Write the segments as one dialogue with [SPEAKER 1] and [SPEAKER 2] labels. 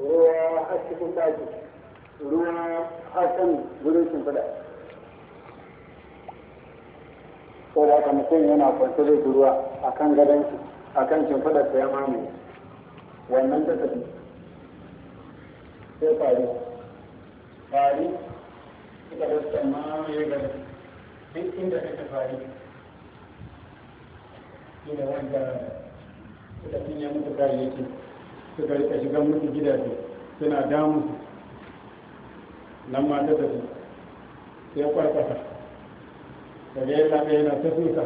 [SPEAKER 1] ruwa har cikin ɗaki ruwa har kan wurin shimfiɗa ko da haka mutum yana kwance zai ruwa a kan gadon shi a kan shimfiɗarsa ya mamaye wannan ta tafi sai fari fari suka rasta mamaye gadon duk inda ta fari shi da wanda suka cinye mutu kayayyaki suka rika shiga musu gidaje suna damu nan ma ta tafi sai kwarkwata ga yadda ɗaya yana ta tusa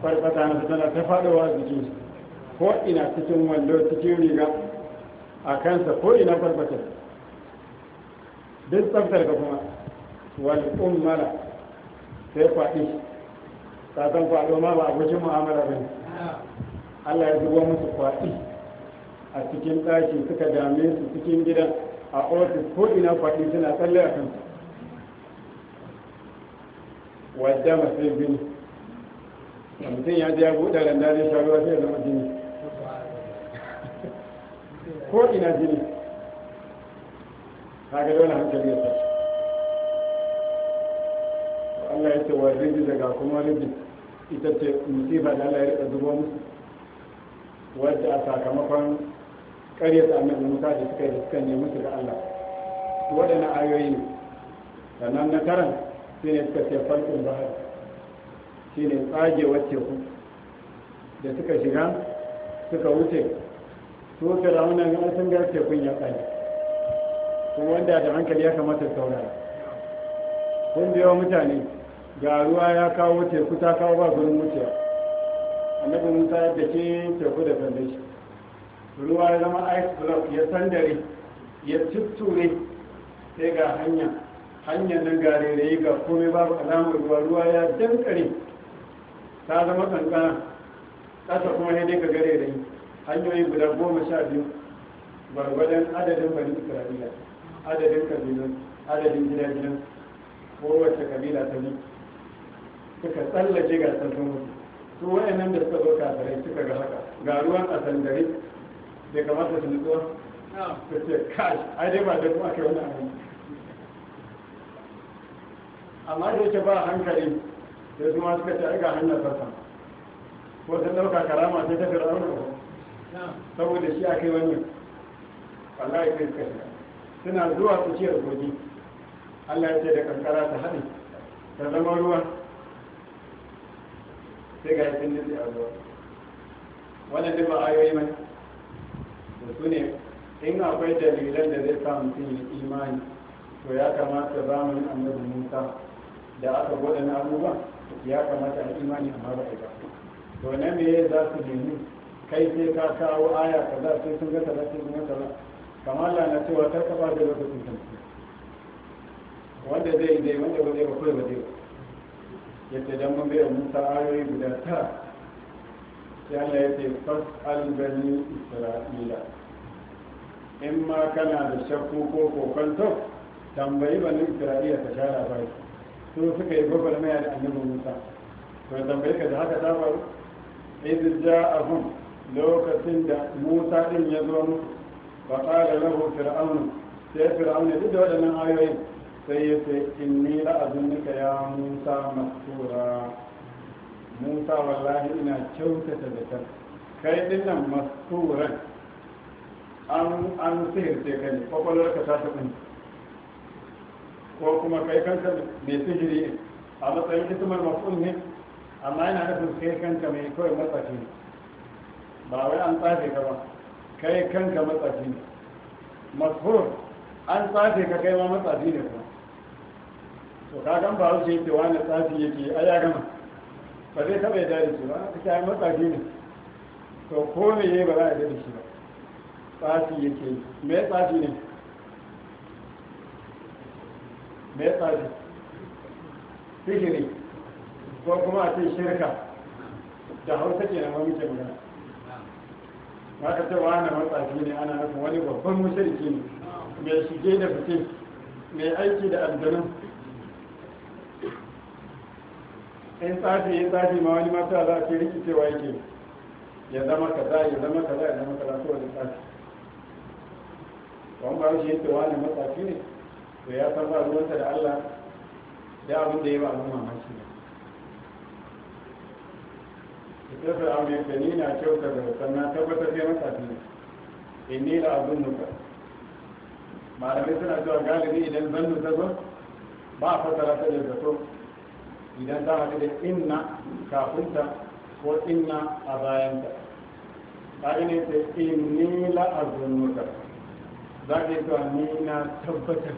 [SPEAKER 1] kwarkwata na tana ta faɗowa a jikin ko ina cikin wando cikin riga a kansa ko ina kwarkwata duk tsaftar ka kuma wal ummala sai kwaɗi ta san kwaɗo ma ba abokin mu'amala ba ne Allah ya zubo musu kwaɗi a cikin ɗaki suka dame su cikin gidan a ofis ko ina faɗi suna tsalle a kansu wadda masu jini mutum ya ji ya buɗe randa zai sha ruwa sai ya zama jini ko ina jini kaga dole hankali ya tashi Allah ya ce wa rijin daga kuma rijin ita ce musifa da Allah ya riƙa zubo musu wadda a sakamakon ƙaryata annabi musa da suka yi suka nemi su ga allah waɗanne ayoyi ne sannan na karan shi ne suka ce farkon bahar shi ne tsagewar teku da suka shiga suka wuce su fir'aunan an sun ga tekun ya tsage kuma wanda da hankali ya kamata saurara kun biyo mutane ga ruwa ya kawo teku ta kawo ba gurin wucewa annabi musa da ke teku da sandai ruwa ya zama ice block ya sandare ya tutture sai ga hanya hanyar nan ga rairayi ga komai babu alamar ruwa ruwa ya dankare ta zama kankana ƙasa kuma ne dai ka gare rairayi hanyoyin guda goma sha biyu gwargwadon adadin bani isra'ila adadin kabilan adadin gidajen kowace kabila ta bi suka tsallake gasar sun mutu su nan da suka zo kafirai suka ga haka ga ruwan a sandare bai kamata su nutsuwa ka ce kai ai dai ba da kuma kai wani abin amma da yake ba hankali da su ma suka ce ai ga hanyar sassa ko sun ɗauka karama sai ta fir'auna ba saboda shi a kai wannan wallahi kai suka shiga suna zuwa su ciyar kogi Allah ya ce da kankara ta haɗe ta zama ruwa sai ga yakin nutsi a ruwa wannan duk ba ayoyi mai da su ne in akwai dalilan da zai sa mutum ya imani to ya kamata mu yi annabi musa da aka gwada na abubuwan ya kamata a imani amma ba a ba to na me za su nemi kai sai ka kawo aya ka za sai sun ga kaza sai sun gasa ba kamar na cewa ta kaba da lokacin tamfi wanda zai zai wanda ba zai ba kawai ba zai ba yadda dan mun bai musa ayoyi guda tara sai Allah ya ce fas'al bani isra'ila in ma kana da shakku ko kokonto tambayi bani isra'ila ta sha labari su suka yi gwagwarmaya da annabi musa to tambayi ka da haka ta faru a ja'ahum lokacin da musa din ya zo musu fa qala lahu fir'aun sai fir'aun duk da waɗannan ayoyin sai ya ce in ni la'azunuka ya musa masura musa wallahi ina kyautata da kan kai nan masturan an an sihirce ka ne ka ta taɓin ko kuma kai kanka mai sihiri ne a matsayin hikimar mafun ne amma yana sun kai kanka mai kawai matsafi ne ba wai an tsafe ka ba kai kanka matsafi ne mashur an tsafe ka kai ma matsafi ne kuma to kagan ba wuce ce wani tsafi yake ai ya gama ba zai taɓa yadda da shi ba ta kayan matsafi ne to ko me yayi ba za a yadda da shi ba tsafi yake yi me tsafi ne me tsafi sihiri ko kuma a ce shirka da hausa ke nan muke na. ba ka ce na matsafi ne ana nufin wani babban mushirki ne mai shige da fice mai aiki da aljanun in tsafi in tsafi ma wani mata za a fi rikicewa yake ya zama kaza ya zama kaza ya zama kaza kowane tsafi wani ba shi yake wani matsafi ne to ya san ba ruwanta da allah da abin da ya ba abin mamaki ne ita da amurka ni na kyauta da sannan tabbatar sai matsafi ne in eh, ni da abin nuka malamai suna zuwa galibi idan zan nuka zo ba a fasara ta da zato idan ta haɗu da inna kafinta ko inna a bayanta ta ne ta inni la'azunuka za ka yi zuwa ni na tabbatar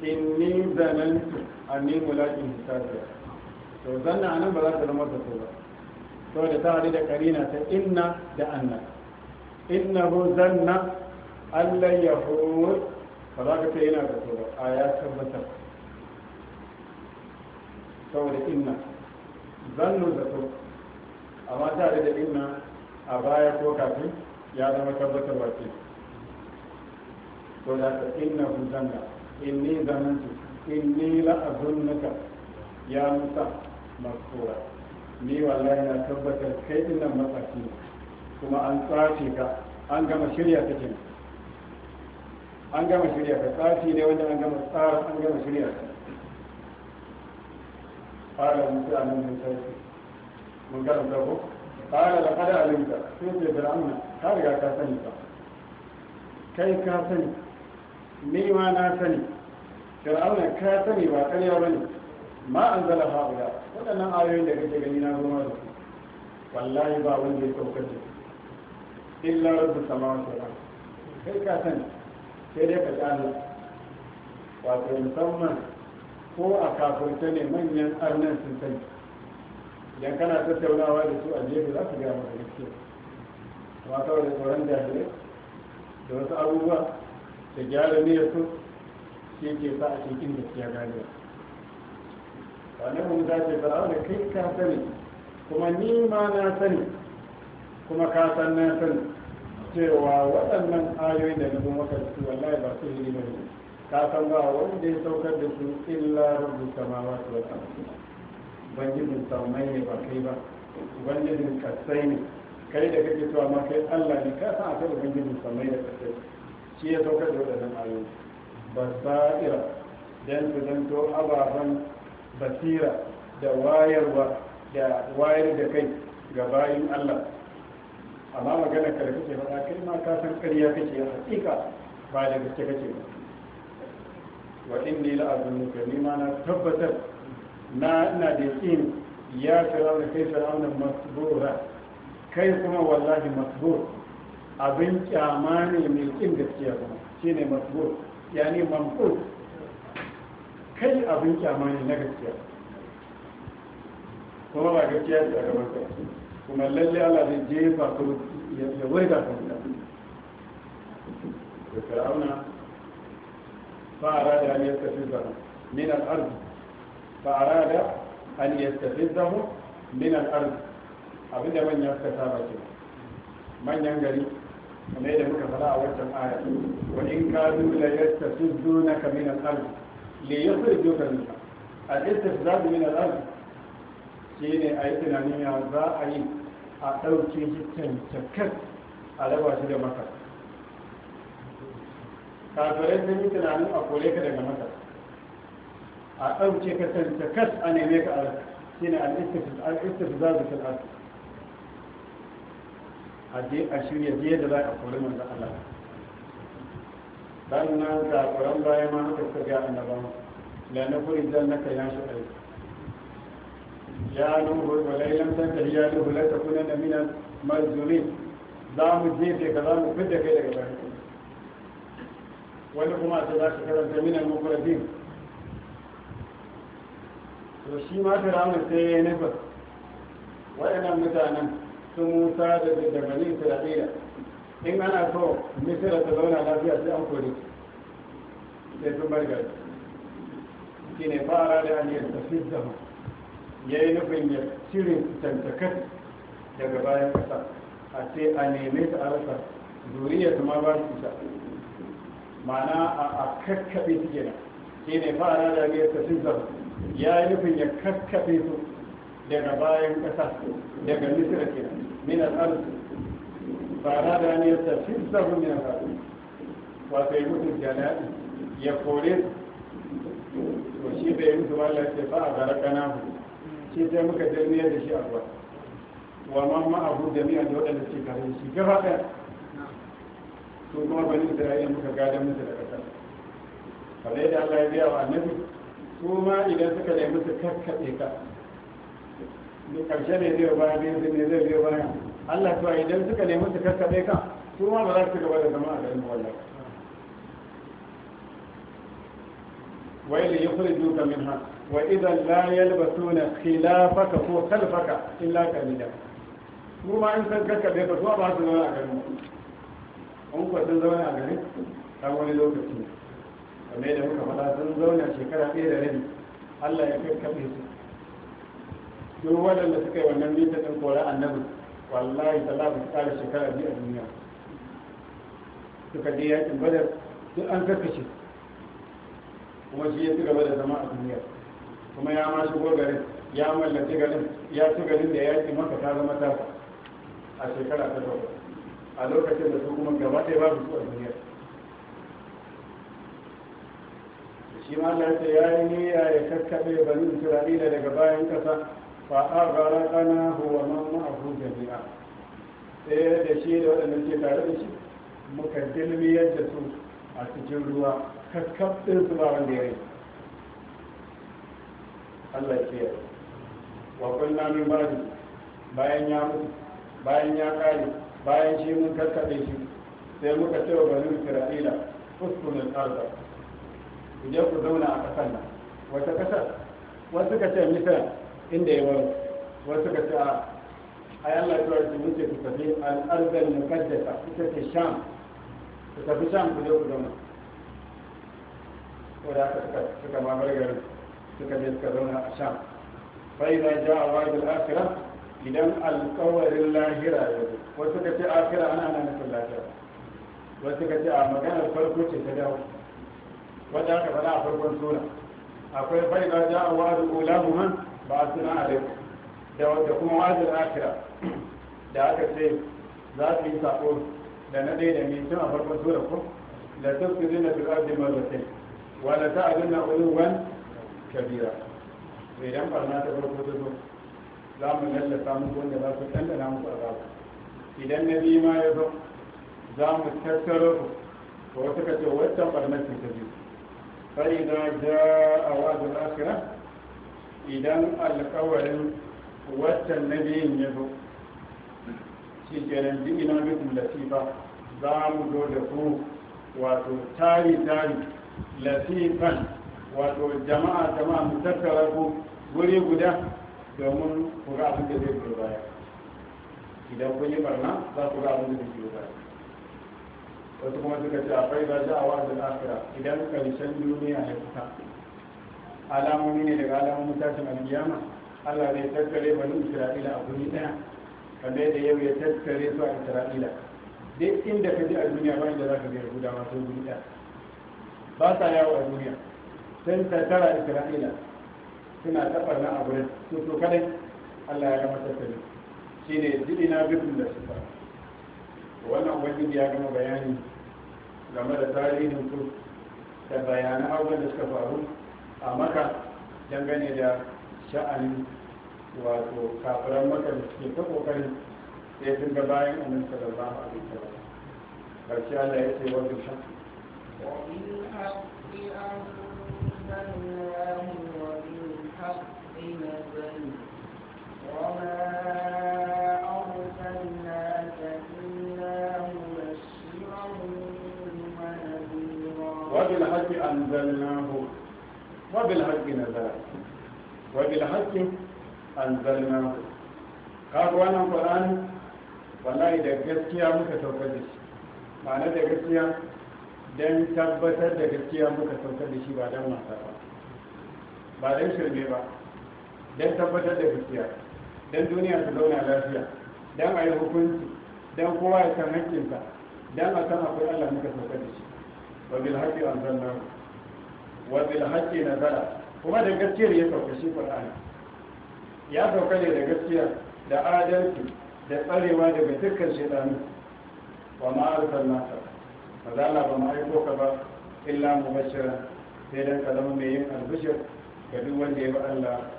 [SPEAKER 1] inni zanantu a ni mulakin hisabiya to zanna anan ba za ta zama ta ba da ta haɗu da karina ta inna da anna innahu zanna allah yahud ba za ka yi yana da ba a ya tabbatar saboda inna zannu zato amma tare da inna a baya ko kafin ya zama tabbatar wace to da ta inna hu zanna inni zanantu inni la'azunnaka ya musa makura. ni wallahi na tabbatar kai inna matsaki kuma an tsace ka an gama shirya ta an gama shirya ka tsafi ne wanda an gama tsara an gama shirya ka قال موسى عن المساجد من قال له قال لقد علمت سيدي فرعون قال يا كاسني كيف كاسني ni ma na sani fir'auna ka sani ba ƙarya ba ne ma an zala haula waɗannan ayoyin da kake gani na goma da su wallahi ba wanda ya saukar da kai ka sani sai dai ka musamman ko a kafirta ne manyan arnan sun sani idan kana tattaunawa da su a jefi za su gaya maka gaskiya amma kawai da tsoron jahilai da wasu abubuwa da gyara ne su shi ke sa a cikin gani ba wannan mun za ce fara da kai ka sani kuma ni ma na sani kuma ka san na sani cewa waɗannan ayoyin da na zo maka su wallahi ba su hiri da ne ka san ba wanda ya saukar da su illa rabu samawa su wata ubangijin saumai ne ba kai ba ubangijin kasai ne kai da kake cewa ma kai allah ne ka san akwai ubangijin saumai da kasai shi ya saukar da waɗannan ba basira don su to ababen basira da wayarwa da wayar da kai ga bayin allah amma magana ka ce ba faɗa kai ma ka san ƙarya kake a hakika ba da gaske kake ba wa inni la'azunuka ni ma na tabbatar na ina da yakin ya fir'auna kai fir'auna masbura kai kuma wallahi masbur abin kyama ne mai kin gaskiya kuma shine masbur yani mamkur kai abin kyama ne na gaskiya kuma ba gaskiya ce a gaban ka kuma lalle Allah zai jefa ku ya wurga ku da fir'auna فأراد أن يستفزهم من الأرض فأراد أن يستفزهم من الأرض abinda من يستفزه من ke manyan gari kamar yadda muka fara a wancan aya wa in ka dula yasta sudduna ka min al ayi tunanin ya za a yi a ɗauki shi tantakat a lagwashi da makar kafirai sun yi tunanin a kore ka daga masar a ɗauke ka san ta kas a neme ka ala, shi ne al-istifzazu fil ard a je a shirya je da za a kore manzon Allah bayan nan kafiran bayan ma haka suka ga annabawa la na kuri zan naka kai nashi aiki ya nuhu wa lailan tantahi ya nuhu la takunanna min al-mazlumin za mu jefe ka za mu fidda kai daga bayan wani kuma sai ce za ka karanta minan mafurafin to shi ma ramar sai ya nufa waɗannan mutanen sun musa da dabanin isra'ila in ana so misira ta zauna lafiya sai an kori sai sun bar gari shi ne fara da an yadda ya yi nufin ya cire tantakar daga bayan kasa a ce a neme ta a rasa zuriya ma ba su isa ma'ana a kakkaɓe su gina shi ne fara da ya ta sizar ya yi nufin ya kakkaɓe su daga bayan ƙasa daga misira ke min al'arzu fara da ya ta sizar min al'arzu wato ya mutu jana'i ya kore to shi bai mutu wala ce ba a gara kana shi sai muka dalmiyar da shi a ruwa wa mamma abu jami'a da waɗanda suke kare shi gaba ɗaya su kuma bani isra'ila muka gada musu da ƙasa kamar da Allah ya biya wa annabi su ma idan suka ne musu karkaɗe ka da ƙarshe ne zai bayan ne zai zai biyo bayan Allah to idan suka ne musu karkaɗe ka su ma ba za su gaba da zama a garin wallahi وإذا يخرجوك منها وإذا لا يلبسون خلافك وخلفك إلا قليلا وما أنت كذا بيتك وما أنت an kuwa sun zauna a garin ta wani lokaci kamar da muka faɗa sun zauna shekara ɗaya da rabi allah ya kakkaɓe su duk waɗanda suka yi wannan bisa ɗin kora annabi wallahi ta ba su ƙara shekara biyu a duniya suka je yakin badar duk an karkashe kuma shi ya ci gaba da zama a duniya kuma ya ma shigo garin ya mallaki garin ya ci garin da ya ci maka ta zama ta a shekara ta bakwai a lokacin da su kuma gaba ɗaya babu su a duniya shi ma Allah ce ya yi niyya ya kakkaɓe bani Isra'ila daga bayan ƙasa fa agara kana huwa man ma'ahu jami'a sai da shi da waɗanda ke tare da shi muka dilmi yadda su a cikin ruwa kakkaɓin su ba wanda ya yi Allah ya ya wa kullum min bayan ya mutu bayan ya kare bayan shi mun karkaɗe shi sai muka ce wa bani isra'ila uskunul arda ku je ku zauna a ƙasar nan wata ƙasar wasu ka ce misal inda ya wani wasu ka ce a ai Allah ya tsawar mun ce ku tafi al-muqaddasa ita ce sham ku tafi sham ku je ku zauna ko da aka suka suka mamar garin suka je suka zauna a sham fa idan ja'a al akhirah idan alkawarin lahira ya zo wasu ka ce akira ana ana nufin lahira wasu ka ce a maganar farko ce ta dawo wadda aka faɗa a farkon sura akwai faida ja a wa'adu ulahu muhan ba a suna alaiku da wadda kuma wajen akira da aka ce za su yi sako da na ɗaya da mai a farkon sura ko da su zina su da marmatai wanda ta abin na wani kabira idan barna ta farko ta zo za mu lallata muku wanda za su tandana muku azabu idan na bi ma ya zo za mu tattaro ku wata ka ce wancan barnakin ta biyu sai da ja a wajen akira idan alkawarin wata na biyun ya zo shi kenan duk ina bikin lafifa, za mu zo da ku wato tari tari lafifan wato jama'a jama'a mu tattara ku wuri guda domin ku ga abin da zai biyo baya idan kun yi barna za ku ga abin da zai biyo baya wasu kuma suka ce akwai ba za a wa da akira idan karshen duniya ya fita alamomi ne daga alamomin tashin alkiyama Allah zai tattare bani Isra'ila a guri ɗaya kamar yadda yau ya tattare su a Isra'ila duk inda ka ji a duniya ba inda za ka ga Yahudawa sun guri ɗaya ba sa yawo a duniya sun tattara Isra'ila suna tafar na abu su to kadai Allah ya gama tattali shi ne jiri na bikin da suka wannan wajen ya gama bayani game da tarihin su da bayanan abubuwan da suka faru a maka dangane da sha'anin wato kafiran maka da suke ta kokarin sai sun ga bayan annabi sallallahu alaihi ba. karshe Allah ya ce wajen
[SPEAKER 2] bil haqq wa bil
[SPEAKER 1] وبالحق أنزلناه وبالحق نزل وبالحق أنزلناه kaga wannan Qur'ani wallahi da gaskiya muka saukar da shi ma'ana da gaskiya dan tabbatar da gaskiya muka saukar da shi ba dan wasa ba ba shirme ba don tabbatar da gaskiya don duniya su zauna lafiya don a yi hukunci don kowa ya san hakkinsa don a san akwai allah muka sauka da shi wa bil zan anzalna wa bil na zara kuma da gaskiyar ya sauka shi qur'ani ya sauka ne da gaskiya da adalci da tsarewa daga dukkan shaidanu wa ma'arutar nasa ba za zalla ba ma aiko ka ba illa bashira sai dan ka zama mai yin albishir ga duk wanda ya bi allah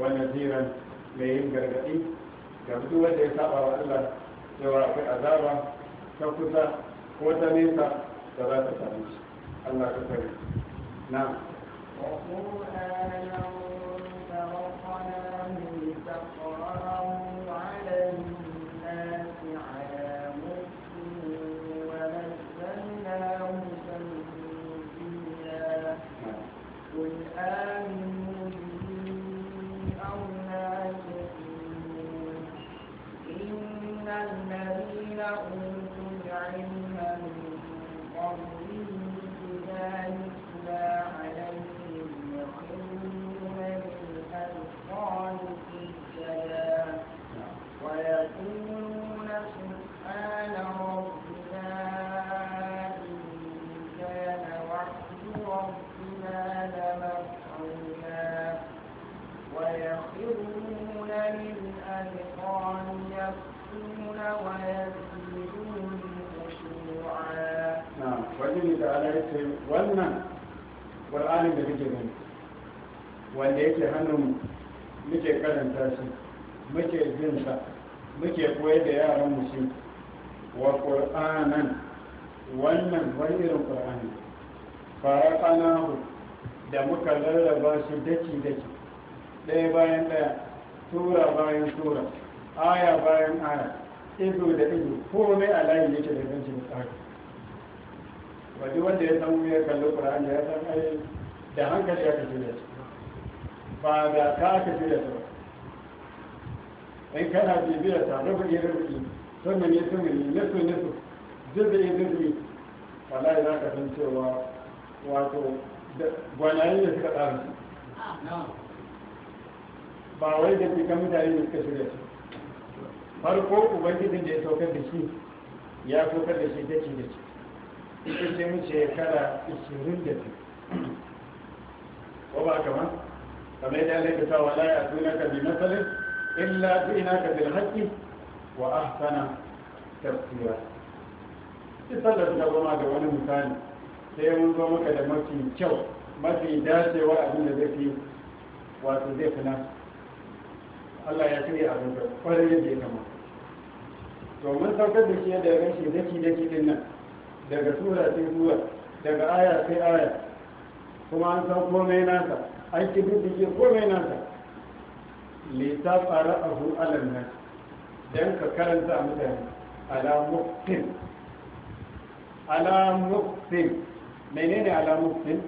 [SPEAKER 1] wa nadiran mai yin gargaɗi ga duk wanda ya saba wa Allah cewa akwai azaba ta kusa ko ta nesa da za ta same shi Allah ka sani na hannun muke karanta shi muke jin sa muke koyar da yaran mu shi wa ƙur'anan wannan wani irin ƙur'ani ƙanahu da muka rarraba shi daki daki ɗaya bayan ɗaya tura bayan tura aya bayan aya ido da ido komai a layi yake da ganci da tsari ba wanda ya san ya kalli ƙur'ani ya san ai da hankali ya tafi da shi ba da ka tafi da sau in kana bibiyar ta rubuɗi rubuɗi sannan ya sumuni ya su ya su zirɗi zirɗi wallahi za ka san cewa wato gwanayen da suka tsara su ba wai da cikin mutane da suka shirya su farko ubangijin da ya saukar da shi ya saukar da shi daki da shi ita ce mu shekara 22 ko ba kamar kamar yadda Allah ya cewa la ya'tunaka bi masalin illa ji'naka bil haqqi wa ahsana tafsira sai sallar ta goma ga wani misali sai mun zo maka da mafi kyau mafi dacewa abin da zai fi wato zai fi nan Allah ya shirya abin da kwarin yadda ya kama to mun saukar da shi yadda ya ganshi daki daki din nan daga sura sai zuwa daga aya sai aya kuma an san komai nasa an ki ke komai le ta. fara hu alam nan dan ka karanta mutane ala muktin ala muktin menene ala muktin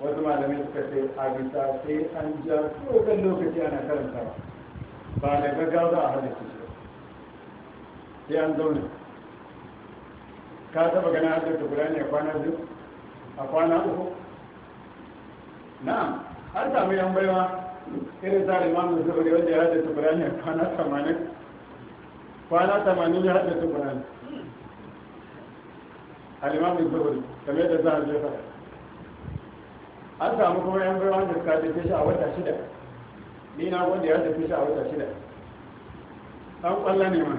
[SPEAKER 1] wasu malamai suka ce a bisa sai an ja tsohon lokaci ana karanta ba da gaggawa a halittu shi sai an zaune ka taba ganin hajjar ta guda ne a kwana biyu a kwana uku na'am an samu yan baiwa irin sa limamin zubari wanda ya haddasa burani kwana tamanin kwana tamanin ya a burani alimamin zubari kamar da za a jefa an samu kuma yan baiwa da suka haddasa shi a wata shida ni na wanda ya haddasa shi a wata shida an kwalla ne ma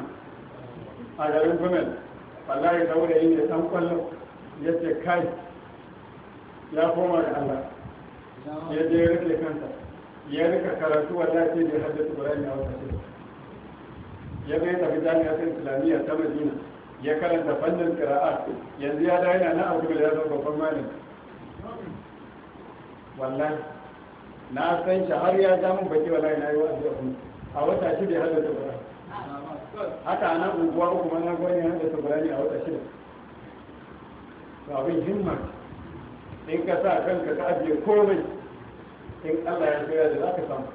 [SPEAKER 1] a garin gomel wallahi saboda yin da ɗan kwallo ya ce kai ya koma da allah ya je rike kansa ya rika karatu wallahi sai da hajjat ibrahim ya wata ya bai tafi ta islamiyya ta madina ya karanta fannin qira'a yanzu ya daina na abu ya zama babban malami wallahi na san shi har ya ja mun baki wallahi na yi wa abu a wata shi bai hajjat ibrahim haka ana unguwa uku ma na gwani hajjat ibrahim a wata shida to abin himma in ka sa kanka ka ajiye komai in Allah ya shirya da za ka samu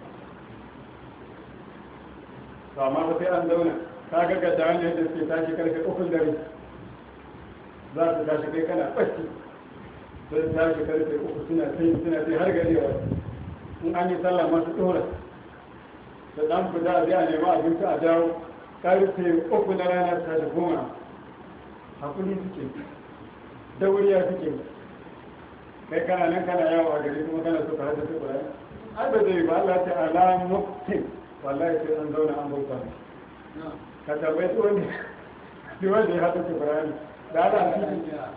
[SPEAKER 1] to amma sai an zauna ka ga ga jami'ar da ta tashi karka ukun dare za su tashi kai kana bacci ta tashi karka uku suna sai suna sai har gari yawa in an yi sallah masu dora da dan fita a biya nema abinci a dawo karfe uku na rana tashi goma hakuri suke dauriya suke kai kana nan kana yawo a gari kuma kana so ka haddace Qur'ani ai ba zai ba Allah ta ala muktin wallahi sai an zauna an bauta ka tabbai su wanda duk wanda ya haddace Qur'ani da Allah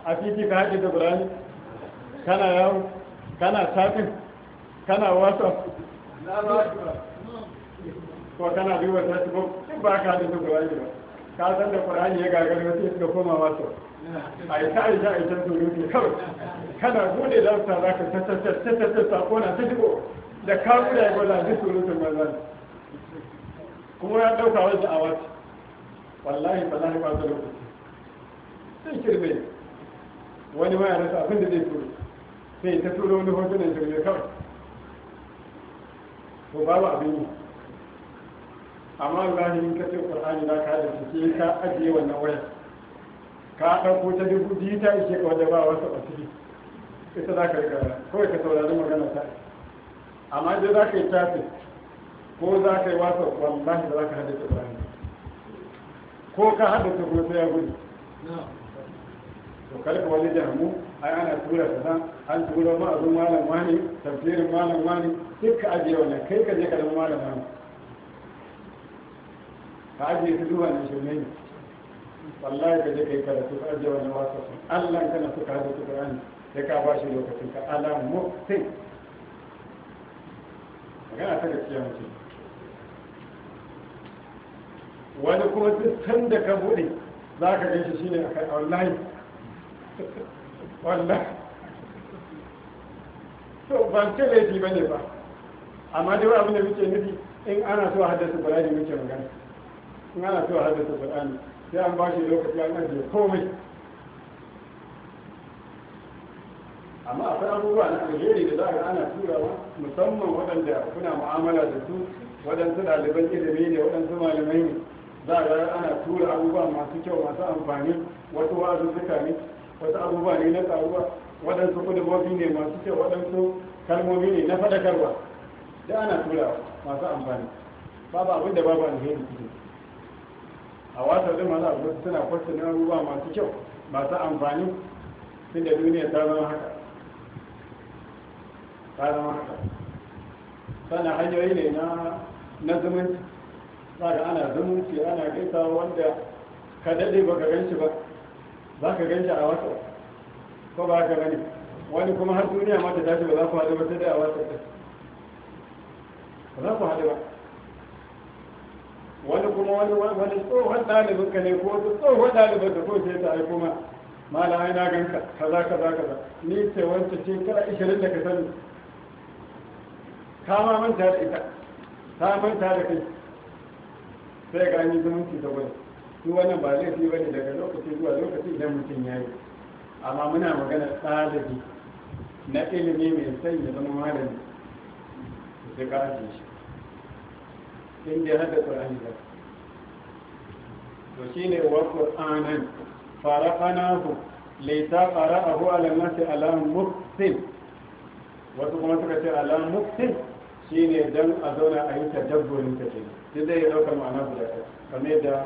[SPEAKER 1] a titi ka haddace Qur'ani kana yawo kana tafin kana wasa ko kana duba ta su ba ka haddace Qur'ani ba ka san da qur'ani ya gagara wasu suka koma wasu a yi ta aisha aisha su rufe kawai kana bude lafta za ka tattattattattatta kona ta jiko da ka bude ya gwada duk surutun manzan kuma ya dauka wajen a wata wallahi wallahi ba ta lokaci sai kirme wani ma ya rasa abin da zai turo sai ta turo wani hotunan jirgin kawai to babu abin yi amma ibrahim ka ce qur'ani da ka hada shi ka ajiye wannan wayar ka ɗauko ta dubu biyu ta ishe ka wadda ba wasu asiri ita za ka riga kawai ka saurari magana ta amma idan za ka yi tafi ko za ka yi wasa wallahi da za ka haddace ƙur'ani ko ka haddace ko sai ya gudu to kalka wani jahamu ai ana tura ta nan an tura ma azun malam wani tafsirin malam wani duk ajiye wannan kai ka je ka zama malam wani ka zuwa ne ka je kai karatu ka wani ka sai kuma duk da ka buɗe za ka gan shi shine kai wallahi wallahi so ban ce laifi ne ba amma dai abin da muke nufi in ana so a haddasa qur'ani muke magana in ana so a haddasa qur'ani sai an ba shi lokaci an ajiye komai amma akwai abubuwa na alheri da za a ana turawa musamman waɗanda kuna mu'amala da su waɗansu ɗaliban ilimi ne waɗansu malamai ne za a ana tura abubuwa masu kyau masu amfani wasu suka ne wasu abubuwa ne na ƙaruwa waɗansu kudubobi ne masu kyau waɗansu kalmomi ne na faɗakarwa da ana tura masu amfani babu abin da babu alheri cikin a wata zai masu abu suna na ruwa masu kyau masu amfani tun da duniya ta zama haka ta zama haka sana hanyoyi ne na zumunci tsara ana zumunci ana gaisa wanda ka daɗe ba ka gan shi ba za ka gan shi a wata ko ba ka gani wani kuma har duniya ma ta tashi ba za ku haɗu ba sai dai a wata ba za ku haɗu ba wani kuma wani wani tsohon ɗalibin ka ne ko wata tsohon ɗalibin ka ko sai ta aiko ma mala ai na ganka kaza kaza kaza ni ce wancan ce kara ishirin da ka sani ka ma manta da ita ta manta da kai sai ga ni zumunci da wani su wannan ba zai fi bane daga lokaci zuwa lokaci idan mutum ya yi amma muna magana ɗalibi na ilimi mai sanya zama malami da ƙarfin shi in da hada qur'ani ba to shine wa qur'anan farahanahu laita qara'ahu ala nasi ala muqsin wasu kuma suka ce ala muqsin shine dan a zauna a yi tadabburin ta kenan duk zai dauka ma'ana guda ta kamar da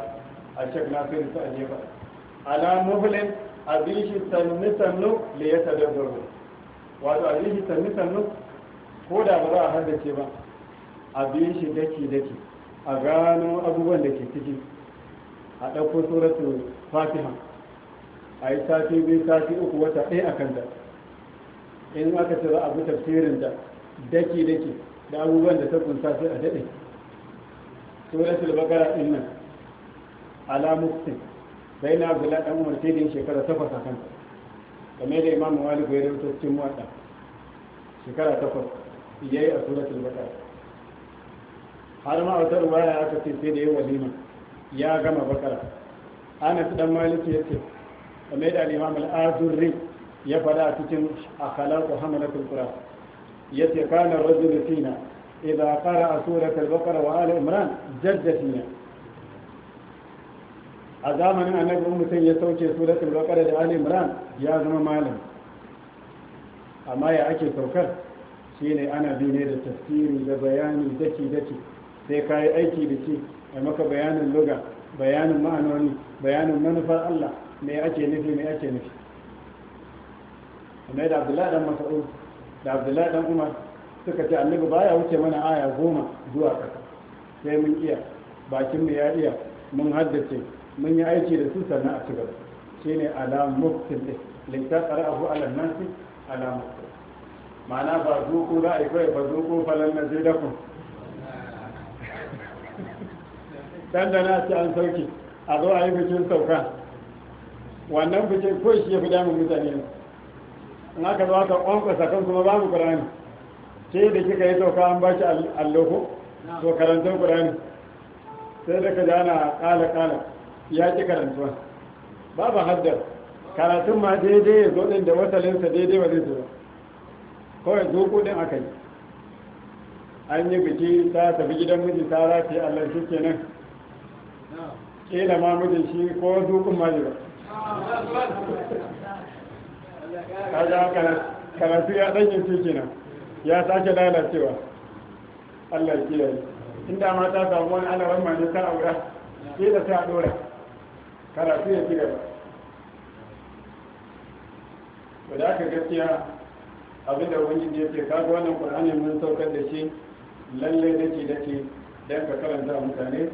[SPEAKER 1] a shek nasir su ya faɗa ala muhlin abin shi sannu sannu da ya tadabbaru wato abin shi sannu sannu ko da ba za a haddace ba abin shi daki daki a gano abubuwan da ke ciki a ɗauko suratu fatiha a yi sati biyu sati uku wata ɗaya a kanta in aka ce za a bi tafsirin da daki daki da abubuwan da ta kunsa sai a daɗe suratul bakara ɗin nan ala muftin bai na abdullahi ɗan umar sai shekara takwas a kanta game da imamu malik ya rubuta cikin muwaɗa shekara takwas yayi a suratul bakara har ma wata ruwaya aka ce sai da yin walima ya gama bakara anas dan maliki ya ce kamar da imam al-azurri ya fada a cikin akhlaqu ya ce yace kana rajul fina idan qara'a surat al-baqara wa ali imran jadda a zamanin annabi mutum ya sauke suratun baqara da ali imran ya zama malami amma ya ake saukar shine ana bi da tafsiri da bayani daki daki sai ka yi aiki da shi a maka bayanin luga bayanin ma'anoni bayanin manufar Allah me ake nufi me ake nufi amma da Abdullahi dan Mas'ud da Abdullahi dan Umar suka ce annabi baya wuce mana aya goma zuwa kasa sai mun iya bakin mu ya iya mun haddace mun yi aiki da su sannan a cigaba shine ala muktin din linta abu ala nasi ala muktin ma'ana ba zuku ra'ayi kai ba zuku falan nazidakum dandana ce an sauke a zo a yi bikin sauka wannan bikin ko shi ya fi damun mutane ne in aka zo aka ƙwanƙwasa kan kuma babu ƙurani ke da kika yi sauka an ba shi alloko to karantar ƙurani sai da ka jana ƙala ƙala ya ƙi karantuwa babu haddar karatun ma daidai ya zo ɗin da wasalinsa daidai ba zai zo kawai zuku ɗin aka yi an yi biki ta tafi gidan miji ta rafi ta allah kenan kila ma mutum shi ko dukun ma ba kaga karatu ya ɗanyin tuki nan ya sake lalacewa Allah kiyaye inda ma ta samu wani ana ramma ne ta aura kila ta dora karatu ya ci gaba ba da aka gaskiya abinda wani ne yake kaga wannan qur'ani mun saukar da shi lalle dake dake dan ka karanta mutane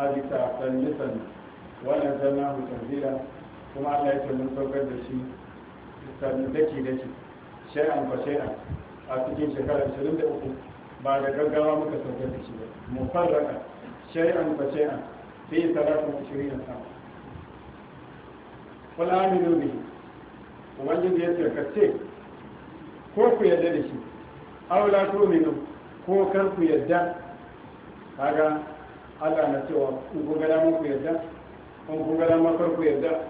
[SPEAKER 1] hajjita dan nisan wannan zanna hutanzila kuma allah ya tunan saukar da shi tsarin daki daki shari'an ba shari'an a cikin da uku ba da gaggawa muka saukar da shi ba mu farraka shari'an ba shari'an fi yin talatin ashirin na sama kula ni nuni ubangiji ya ce ka ce ko ku yadda da shi aula tu minu ko kanku yadda. yarda Allah na cewa in kun gada muku yadda, in kun gada makar ku yadda,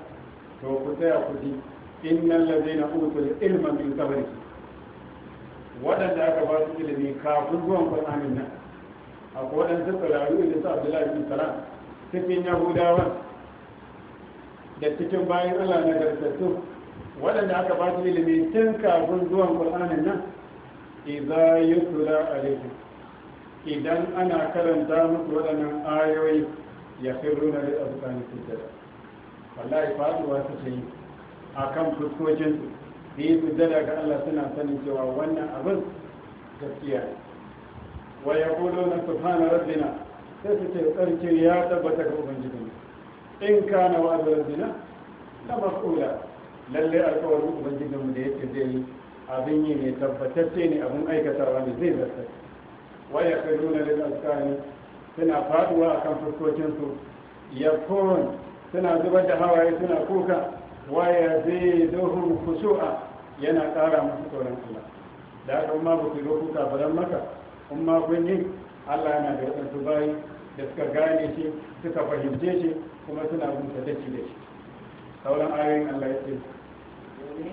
[SPEAKER 1] to ku tsaya ku ji innal ladzina utul ilma min qablihi waɗanda aka ba su ilimi kafin zuwan Qur'anin nan akwai waɗansu tsararru da su Abdullahi bin Salam cikin Yahudawan da cikin bayan Allah na gartattu waɗanda aka ba su ilimi tun kafin zuwan Qur'anin nan idza yutla alaihim idan ana karanta musu waɗannan ayoyi ya fi runa da tsakanin sujjada wallahi faɗuwa su ce a kan fuskocinsu da yi sujjada ga Allah suna sanin cewa wannan abin gaskiya ne wa ya kudo na subhana rabbina sai su ce tsarkin ya tabbata ga ubangijin in kana wa da rabbina na mafula lalle alkawarin ubangijinmu da yake zai yi abin yi ne tabbatacce ne abin aikatawa ne zai zartar waya kaduna da alkani suna faduwa akan fuskokinsu ya kun suna zubar da hawaye suna kuka waya zai dohun kusu'a yana kara musu tsoron Allah da haka ba ku roku kuka maka in kun yi Allah yana da waɗansu bayi da suka gane shi suka fahimce shi kuma suna bin sadaki da shi sauran ayoyin Allah ya
[SPEAKER 2] ce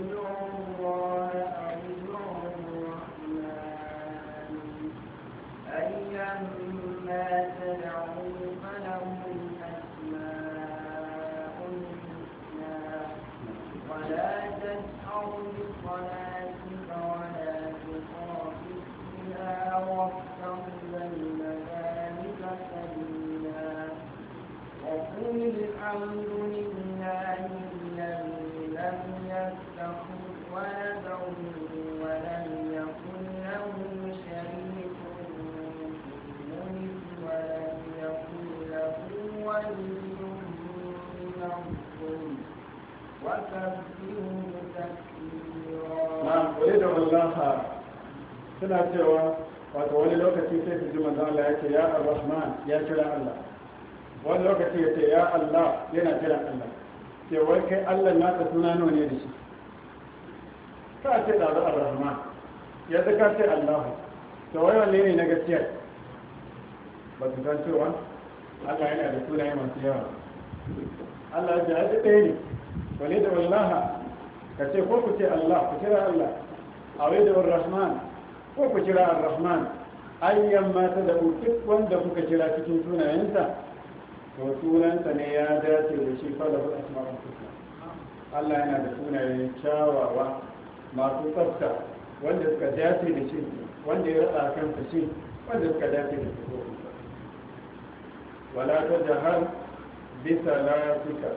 [SPEAKER 2] Wata biyu da
[SPEAKER 1] suna cewa wato wani lokaci sai su ji manzo Allah ya ce ya Ar-Rahman ya kira Allah wani lokaci ya ce ya Allah yana kira Allah Ke wai kai Allah naka suna nawa ne da shi ka ce da Ar-Rahman ya zaka ce Allah to wai wanne ne na gaskiya ba su san cewa Allah yana da sunaye masu yawa Allah ya ji ɗaya ne wani da wallaha ka ce ko ku ce Allah ku kira Allah a wai da Ar-Rahman ko ku kira ar-rahman ayyan ma da duk wanda kuka kira cikin sunayensa to sunansa ne ya dace da shi falahu asma'ul husna Allah yana da sunaye kyawawa masu tsafta wanda suka dace da shi wanda ya rasa kansa shi wanda suka dace da shi wala ta jahar bisa lafika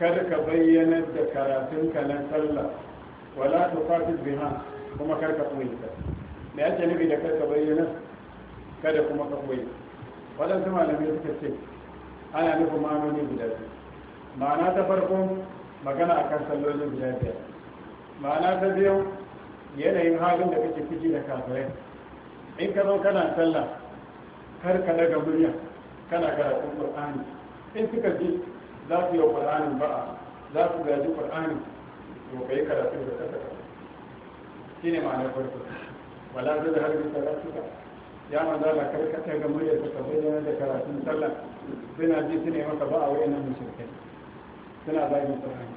[SPEAKER 1] kar ka bayyanar da karatunka na sallah wala ta fatis biha kuma ka koyi ta mai ake nufi da kai ka bayyana kada kuma ka koyi waɗansu malamai suka ce ana nufin ma'anoni guda biyu ma'ana ta farko magana a kan sallolin guda biyar ma'ana ta biyu yanayin halin da kake fiji da kafirai in ka zo kana sallah kar ka daga murya kana karatun qur'ani in suka ji za su yi qur'ani ba'a za su gaji qur'ani to kai karatu da kasa shine ma'anar farko wala zai da harbi salatuka ya manza la karkata ga murya ta bayyana da karatun sallah suna ji su ne maka ba a wayannan mushrikai suna zagin qur'ani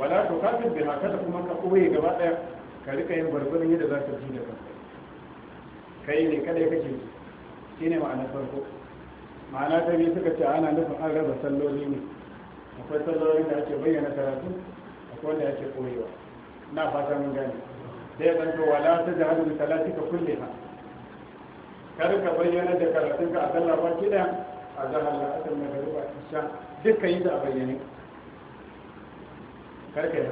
[SPEAKER 1] wala to kafin bi haka kuma ka koye gaba daya ka rika yin barbarin yadda za ka ji da kanka kai ne kada kake ji ne ma'anar farko ma'ana ta biyu suka ce ana nufin an raba salloli ne akwai sallolin da ake bayyana karatu akwai wanda ake koyewa na fata mun gane sai to wala ta da bi salatika kulliha kar ka bayyana da ka a sallah baki daya a zahar la'asar na garu ba isha duka yi da a kar ka yi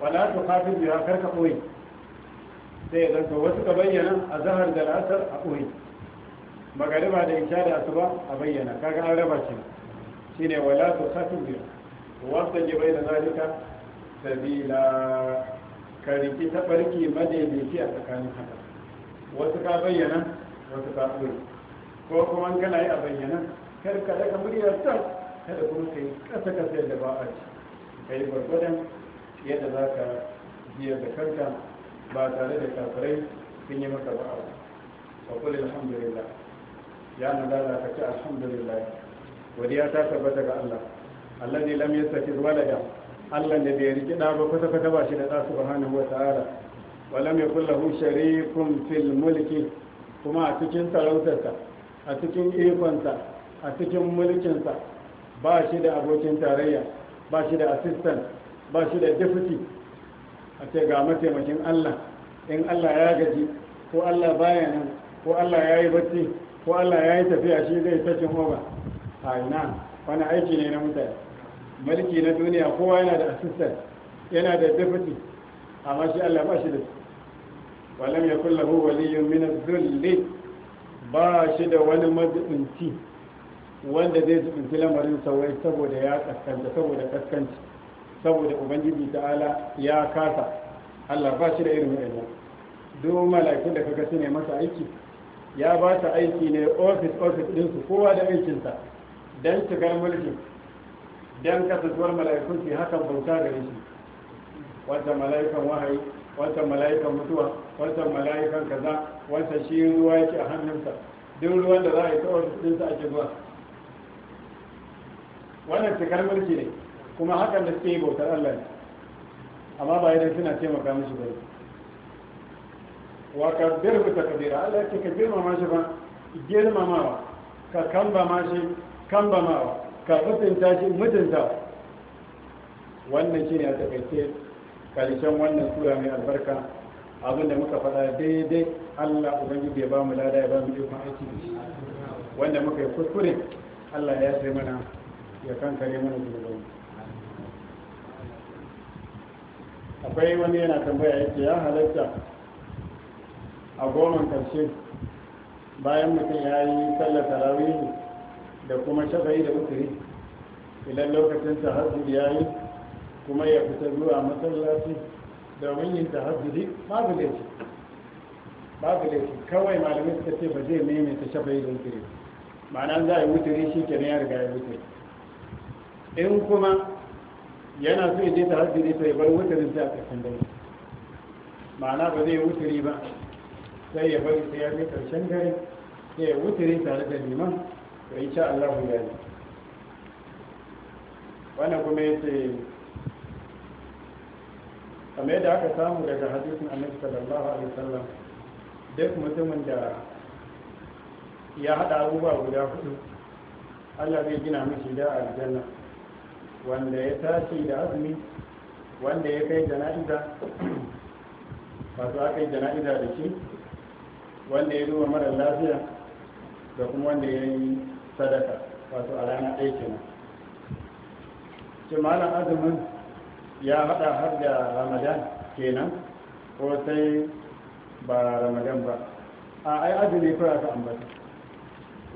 [SPEAKER 1] wala ta kafin biya karka ɓoye sai zan to wasu ka bayyana a zahar da asar a ɓoye magariba da isha da asuba a bayyana kaga an raba shi shine wala ta kafin biya da jibai da zalika sabila ka ta barki madaidaici a tsakanin haka wasu ka bayyana wasu ka tsoro ko kuma kana yi a bayyana kar ka daga muryar ta kada kuma ka yi kasa ka da ba ba'a ci ka gwargwadon yadda za ka biyar da kanka ba tare da kafirai sun yi maka ba abu wa kula alhamdulillah ya nadala ka ce alhamdulillah ya ta tabbata ga Allah Allah ne lam yattakhidh walada Allah da bai riki da ba kusa kusa ba shi da ɗa subhanahu wata ta'ala walam yakul hu sharikun fil mulki kuma a cikin sarautarsa a cikin ikonsa a cikin mulkinsa ba shi da abokin tarayya ba shi da assistant ba shi da deputy a ce ga mataimakin Allah in Allah ya gaji ko Allah baya ko Allah ya yi bacci ko Allah ya yi tafiya shi zai tashin oba a ina wani aiki ne na mutane mulki na duniya kowa yana da assistant yana da deputy amma shi Allah ba shi da walam ya kulla hu min az-zulli ba shi da wani mazubunci wanda zai zubunci lamarin saurai saboda ya kaskanta saboda kaskanci saboda ubangiji ta'ala ya kasa Allah ba shi da irin wannan duk malakin da kaga su masa aiki ya ba ta aiki ne office office ɗinsu kowa da aikinsa Dan shigar mulkin dan kasantuwar mala'ikun su haka bauta gare shi wata mala'ikan wahayi wata mala'ikan mutuwa wata mala'ikan kaza wata shi ruwa yake a hannunsa duk ruwan da za a yi kawai dinsa ake zuwa wannan cikar mulki ne kuma hakan da suke yi bautar Allah ne amma ba idan suna taimaka mishi ba wa ka kabbir ta Kabira? Allah ya ce ka girmama shi ba girmamawa ka kamba ma shi kambamawa ka mutunta shi mutunta wannan shi ne a takaice karshen wannan sura mai albarka abin da muka faɗa daidai allah ubangiji ya ba mu lada ya ba mu ikon aiki wanda muka yi kuskure allah ya sai mana ya kankare mana zuwa akwai wani yana tambaya yake ya halatta a goma karshe bayan mutum ya yi sallar tarawihi da kuma shafa'i da ukuri idan lokacin tahajjud ya yi kuma ya fita zuwa masallaci domin yin tahajjudi babu laifi babu laifi kawai malamai suka ce ba zai maimaita shafa'i da ukuri ma'ana za a yi wuturi shi kenan ya riga ya wuturi in kuma yana so ya je tahajjudi to ya bar wuturin sai a ƙarshen dare ma'ana ba zai wuturi ba sai ya bari sai ya je ƙarshen dare sai ya wuturi tare da liman to insha Allah ya yi wannan kuma ya ce, kamar yadda aka samu daga hadisin annabi sallallahu alaihi wasallam duk mutumin da ya hada abubuwa guda hudu Allah zai gina mishi da aljanna wanda ya tashi da azumi wanda ya kai jana'iza wato aka yi jana'iza da shi wanda ya duba mara lafiya da kuma wanda ya yi sadaka wato a rana ɗaya kenan azumin ya haɗa har da ramadan kenan ko sai ba ramadan ba a ai azumi fara ta ambata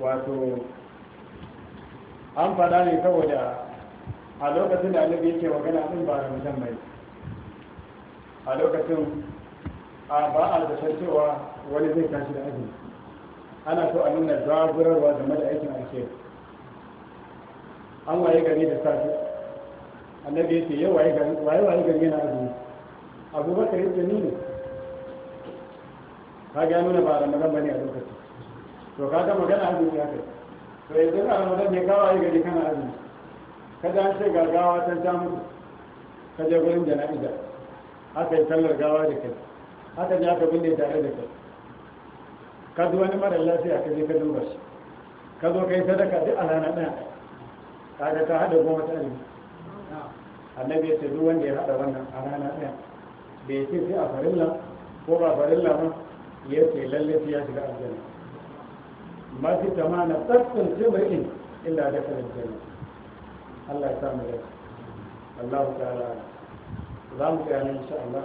[SPEAKER 1] wato an fada ne saboda a lokacin da alibi yake magana ɗin ba ramadan mai. a lokacin a ba a da cewa wani zai tashi da azumi ana so a nuna zaburarwa game da aikin alheri an waye gari da safe annabi ya ce yau waye gari waye waye gari yana azumi abubakar ya ce ni ne ka ga nuna ba ramadan ne a lokaci to ka ga magana azumi ya kai to yanzu a ramadan ne ka waye gari kana azumi ka da an ce gagawa ta ta mutu ka je gurin jana'iza aka yi sallar gawa da kai Haka ne aka binne tare da kai ka zo wani mara lafiya ka je ka duba shi ka zo ka yi sadaka duk a rana ɗaya ka ka haɗa goma ta ne annabi ya ce duk wanda ya haɗa wannan a rana ɗaya bai ce sai a farilla ko ba farilla ba ya ce sai ya shiga aljanna ma fi tamana tsatsun jibrin illa da kalin janna Allah ya samu da Allah ta'ala za mu ga insha Allah